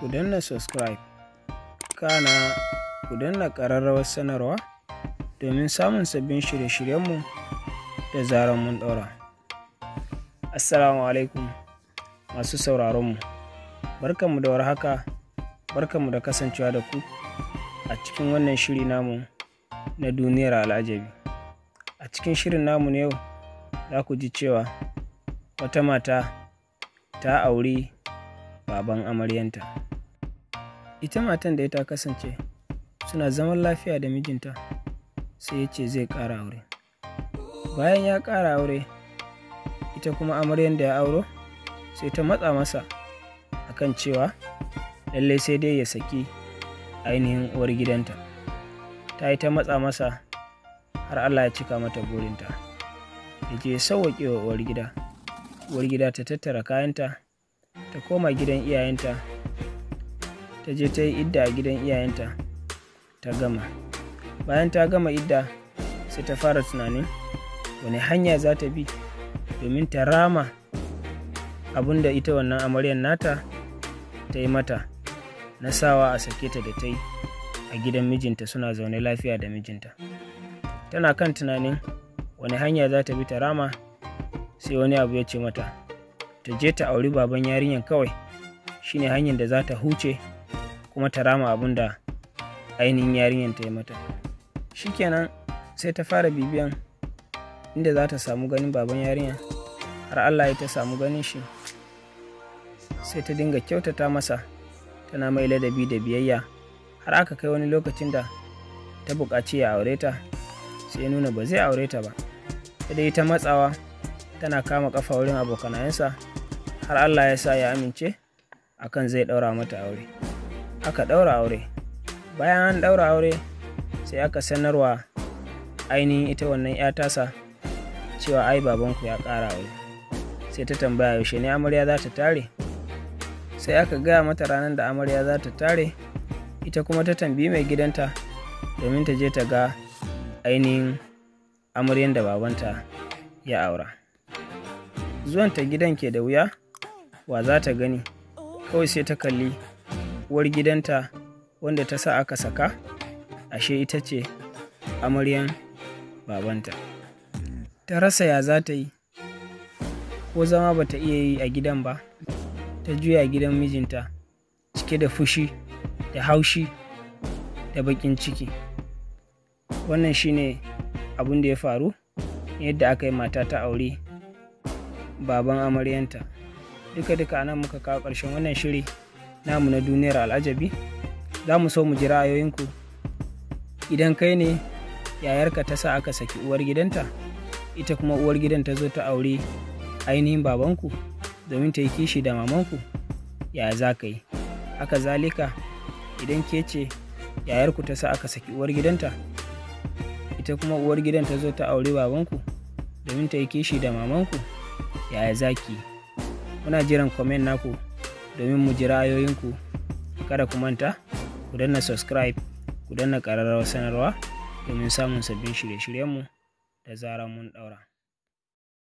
ku danna subscribe kana ku danna ƙararrawar sanarwa domin samun sabbin shirye-shiryenmu da zarar mun ɗora. Assalamu alaikum masu sauraronmu, barkanmu da warhaka, barkanmu da kasancewa da ku a cikin wannan shiri namu na duniyar al'ajabi. A cikin shirin namu ne yau za ku ji cewa wata mata ta auri baban amaryanta ita matan da ya ta kasance suna zaman lafiya da mijinta sai ya ce zai kara aure bayan ya kara aure ita kuma amaryan da ya auro sai ta matsa masa akan cewa lallai sai dai ya saki ainihin uwar gidanta ta yi ta matsa masa har allah ya cika mata burinta ya je sauwaƙe wa uwar gida uwar gida ta tattara kayanta ta koma gidan iyayenta ta je ta yi idda a gidan iyayenta ta gama bayan ta gama idda sai ta fara tunanin wani hanya za ta bi domin ta rama abin da ita wannan amaryar nata ta yi mata na sawa a sake ta da ta yi a gidan mijinta suna zaune lafiya da mijinta tana kan tunanin wani hanya za ta bi ta rama sai wani abu ya ce mata ta je ta auri baban yarinyar kawai shine hanyar da za ta huce kuma ta rama abin da ainihin yarinyar ta yi mata shi shikenan sai ta fara bibiyan inda za ta samu ganin baban yarinyar har allah ya ta samu ganin shi sai ta dinga kyautata masa tana mai ladabi da biyayya har aka kai wani lokacin da ta buƙaci ya aure ta sai nuna ba zai aure ta ba ta dai ta matsawa tana kama kafa wurin abokanayensa har Allah ya sa ya amince akan zai ɗaura mata aure aka ɗaura aure bayan an ɗaura aure sai aka sanarwa ainihin ita wannan 'ya tasa cewa ai babanku ya kara aure sai ta tambaya yaushe ne amarya za ta tare sai aka gaya mata ranar da amarya za ta tare ita kuma ta tambayi mai gidanta domin ta je ta ga ainihin amaryan da babanta ya aura zuwan ta gidan ke da wuya wa za ta gani kawai sai ta kalli uwar gidanta wanda ta sa aka saka ashe ita ce amaryan babanta ta rasa ya za ta yi ko zama ba ta iya yi a gidan ba ta juya gidan mijinta cike da fushi da haushi da bakin ciki wannan shine abin da ya faru yadda aka yi mata ta aure baban amaryanta duka duka nan muka kawo ƙarshen wannan shiri namu na duniyar al'ajabi za mu so mu ji ra'ayoyinku idan kai ne yayarka ta sa aka saki uwar gidanta ita kuma uwar gidan ta zo ta aure ainihin babanku domin ta yi kishi da mamanku ya za ka yi haka zalika idan ke ce yayarku ta sa aka saki uwar gidanta ita kuma uwar gidan ta zo ta aure babanku domin ta yi kishi da mamanku yaya zaki muna jiran comment naku domin mu ji ra'ayoyinku kada ku manta ku danna subscribe ku danna ƙararrawar sanarwa domin samun sabbin shirye-shiryenmu da zarar mun ɗaura